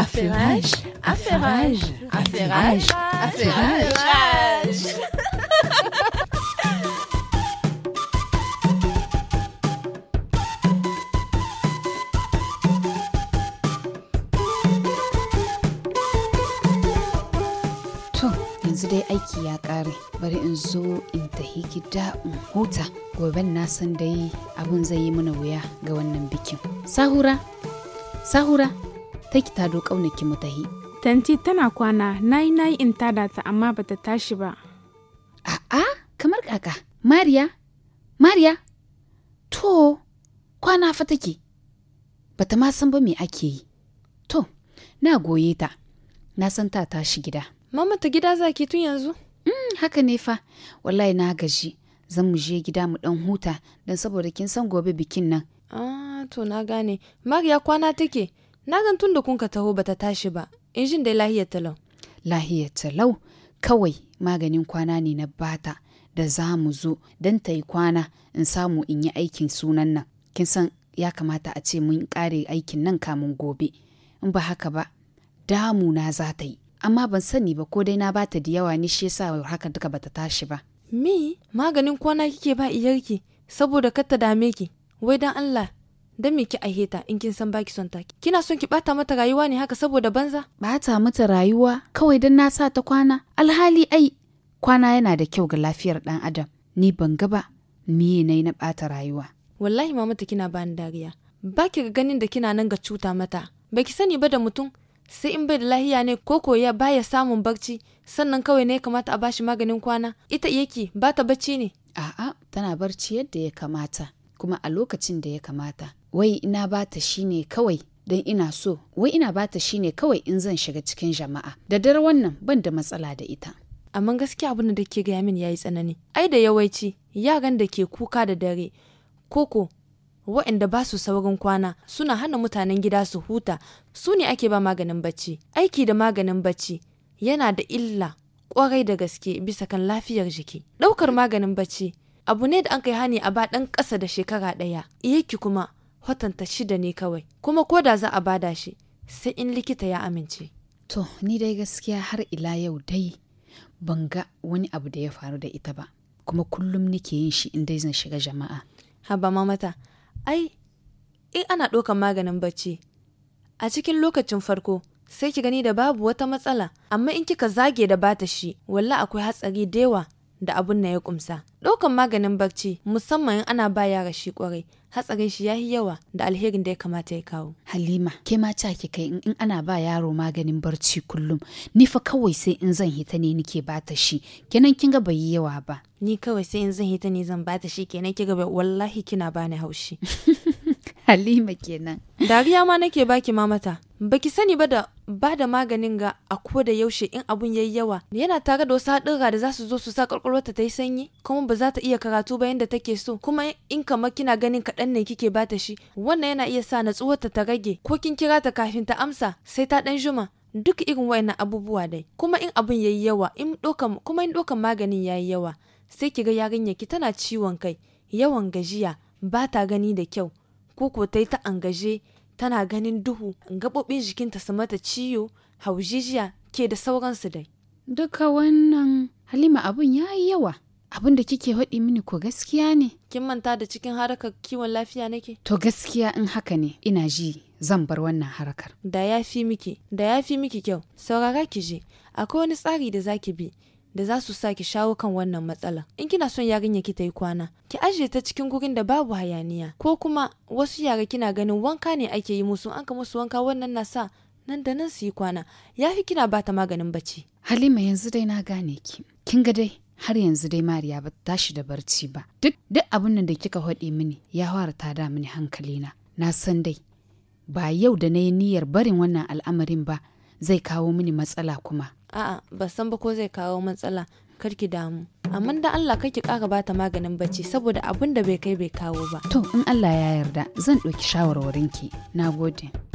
Affairage, affairage, affairage, affairage. To, yanzu dai aiki ya ƙare, bari in zo in tahi gida in huta. gobe na san dai abun zai yi mana wuya ga wannan bikin. Sahura, sahura. ta ki ta roƙa mu tahi. Tanti tana kwana nayi nayi in tada ta amma bata tashi ba. A'a kamar kaka Mariya Mariya to kwana fa take bata ma san ba me ake yi. To na goye ta na san ta tashi gida. Mama ta gida ki tun yanzu? Mm, haka ne fa wallahi na gaji zan mu je gida mu ɗan huta don saboda kin san gobe bikin nan. Ah, to na gane. Mariya kwana take. Na gan tun da kunka taho bata tashi ba, in jin dai lahiyar talau. Lahiyar talau kawai maganin kwana ne na bata da za mu zo don ta yi kwana in samu in yi aikin sunan nan. Kin san ya kamata a ce mun kare aikin nan kamun gobe. In ba haka ba, damu na za ta yi. Amma ban sani ba ko dai na bata da yawa ni shi yasa haka duka bata tashi ba. Me maganin kwana kike ba iyarki saboda kar ta dame ki. Wai dan Allah dan me ki ta in kin san baki son ta kina son ki bata mata rayuwa ne haka saboda banza bata mata rayuwa kawai dan na sa ta kwana alhali ai kwana yana da kyau ga lafiyar dan adam ni ban ga ba miye nayi na bata rayuwa wallahi mamata kina bani dariya baki ga ganin da kina nan ga cuta mata baki sani ba da mutum sai in bai da lahiya ne ko ya baya samun barci sannan kawai ne kamata a bashi maganin kwana ita yake bata bacci ne a'a tana barci yadda ya kamata kuma a lokacin da ya kamata wai ina bata shine kawai don ina so wai ina bata shine kawai in zan shiga cikin jama'a da dare wannan ban da matsala da ita amma gaskiya abin da ke gaya min yayi tsanani ai da yawanci yaran da ke kuka da dare koko waɗanda ba su saurin kwana suna hana mutanen gida su huta su ne ake ba maganin bacci aiki da maganin bacci yana da illa kwarai da gaske bisa kan lafiyar jiki ɗaukar maganin bacci abu ne da an kai hani a ba ɗan ƙasa da shekara ɗaya iyaki kuma hotanta shida ne kawai kuma ko da za a bada shi sai in likita ya amince to ni dai gaskiya har ila yau dai ban ga wani abu da ya faru da ita ba kuma kullum nike yin shi in dai zan shiga jama'a haba mamata ai in ana ɗaukan maganin bacci a cikin lokacin farko sai ki gani da babu wata matsala amma in kika zage da bata shi walla akwai hatsari da yawa da abun na ya kumsa Ɗaukan maganin barci musamman in ana ba yara shi kwarai hatsarin shi yi yawa da alherin da ya kamata ya kawo. Halima, ke ma ta ki kai in ana ba yaro maganin barci kullum, ni fa kawai sai in zan hita ne nike bata shi, kenan kin ga bai yawa ba. Ni kawai sai in zan hita ne zan bata shi kenan ga bai wallahi kina bani haushi. Halima kenan. Dariya ma nake baki mamata, baki sani ba da ba da maganin ga a ko da yaushe in abun yayi yawa yana tare da wasu haɗurra da za su zo su sa ƙwaƙwalwarta ta yi sanyi kuma ba za ta iya karatu ba yadda take so kuma in kamar kina ganin kaɗan ne kike bata shi wannan yana iya sa natsuwarta ta rage ko kin kira ta kafin ta amsa sai ta ɗan juma duk irin wayannan abubuwa dai kuma in abun yayi yawa in ɗokan kuma in ɗokan maganin yayi yawa sai ki ga yarinyar ki tana ciwon kai yawan gajiya ba ta gani da kyau ko ko ta yi ta angaje tana ganin duhu gaɓoɓin jikinta su mata ciwo haujijiya ke da sauransu dai duka wannan halima abun ya yi yawa abin da kike haɗi mini ko gaskiya ne kin manta da cikin harakar kiwon lafiya nake to gaskiya in haka ne ina ji zan bar wannan harakar. da ya fi miki da ya fi miki kyau saurara ki je akwai wani tsari da zaki bi da za su sa ki shawo kan wannan matsalar. In kina son yarinya ki ta yi kwana, ki ajiye ta cikin gurin da babu hayaniya, ko kuma wasu yara kina ganin wanka ne ake yi musu an ka musu wanka wannan na sa nan da nan su yi kwana, ya fi kina ba ta maganin bacci. Halima yanzu dai na gane ki, kin ga dai har yanzu dai Mariya ba ta tashi da barci ba. Duk duk abin nan da kika haɗe mini ya fara da mini hankalina. Na san dai ba yau da na yi niyyar barin wannan al'amarin ba zai kawo mini matsala kuma a'a ba san ba ko zai kawo matsala kar ki damu amma dan Allah ki ƙara bata maganin bacci saboda abun da bai kai bai kawo ba to in Allah ya yarda zan ɗauki shawarwarin shawarwarinki nagode